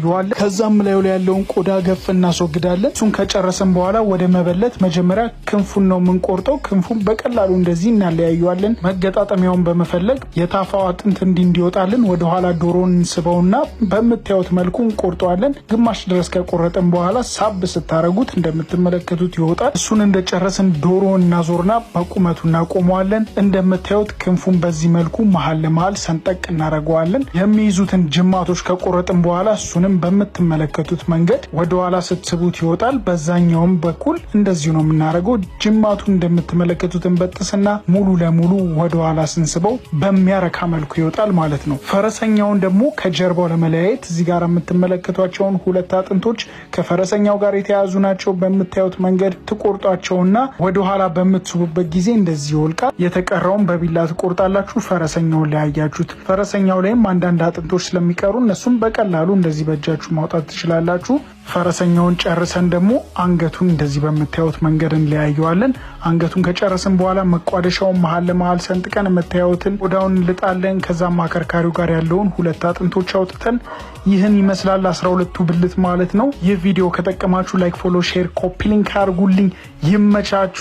ይዋለ ከዛም ላዩ ላይ ያለውን ቆዳ ገፍ እናስወግዳለን። እሱን ከጨረሰን በኋላ ወደ መበለት መጀመሪያ ክንፉን ነው የምንቆርጠው። ክንፉን በቀላሉ እንደዚህ እናለያየዋለን። መገጣጠሚያውን በመፈለግ የታፋው አጥንት እንዲህ እንዲወጣልን ወደኋላ ዶሮን እንስበውና በምታዩት መልኩ እንቆርጠዋለን። ግማሽ ድረስ ከቆረጥን በኋላ ሳብ ስታረጉት እንደምትመለከቱት ይወጣል። እሱን እንደጨረስን ዶሮ እናዞርና በቁመቱ እናቆመዋለን። እንደምታዩት ክንፉን በዚህ መልኩ መሀል ለመሀል ሰንጠቅ እናደርገዋለን። የሚይዙትን ጅማቶች ከቆረጥን በኋላ እሱ አሁንም በምትመለከቱት መንገድ ወደኋላ ስትስቡት ይወጣል። በዛኛውም በኩል እንደዚሁ ነው የምናደርገው። ጅማቱ እንደምትመለከቱት እንበጥስና ሙሉ ለሙሉ ወደኋላ ስንስበው በሚያረካ መልኩ ይወጣል ማለት ነው። ፈረሰኛውን ደግሞ ከጀርባው ለመለያየት እዚህ ጋር የምትመለከቷቸውን ሁለት አጥንቶች ከፈረሰኛው ጋር የተያዙ ናቸው። በምታዩት መንገድ ትቆርጧቸውና ወደኋላ በምትስቡበት ጊዜ እንደዚህ ይወልቃል። የተቀረውን በቢላ ትቆርጣላችሁ። ፈረሰኛውን ለያያችሁት። ፈረሰኛው ላይም አንዳንድ አጥንቶች ስለሚቀሩ እነሱም በቀላሉ እንደዚህ በእጃችሁ ማውጣት ትችላላችሁ። ፈረሰኛውን ጨርሰን ደግሞ አንገቱን እንደዚህ በምታዩት መንገድ እንለያየዋለን። አንገቱን ከጨረስን በኋላ መቋደሻውን መሀል ለመሀል ሰንጥቀን የምታዩትን ቆዳውን እንልጣለን። ከዛም አከርካሪው ጋር ያለውን ሁለት አጥንቶች አውጥተን ይህን ይመስላል አስራ ሁለቱ ብልት ማለት ነው። ይህ ቪዲዮ ከጠቀማችሁ ላይክ፣ ፎሎ፣ ሼር፣ ኮፒ ሊንክ አድርጉልኝ። ይመቻችሁ።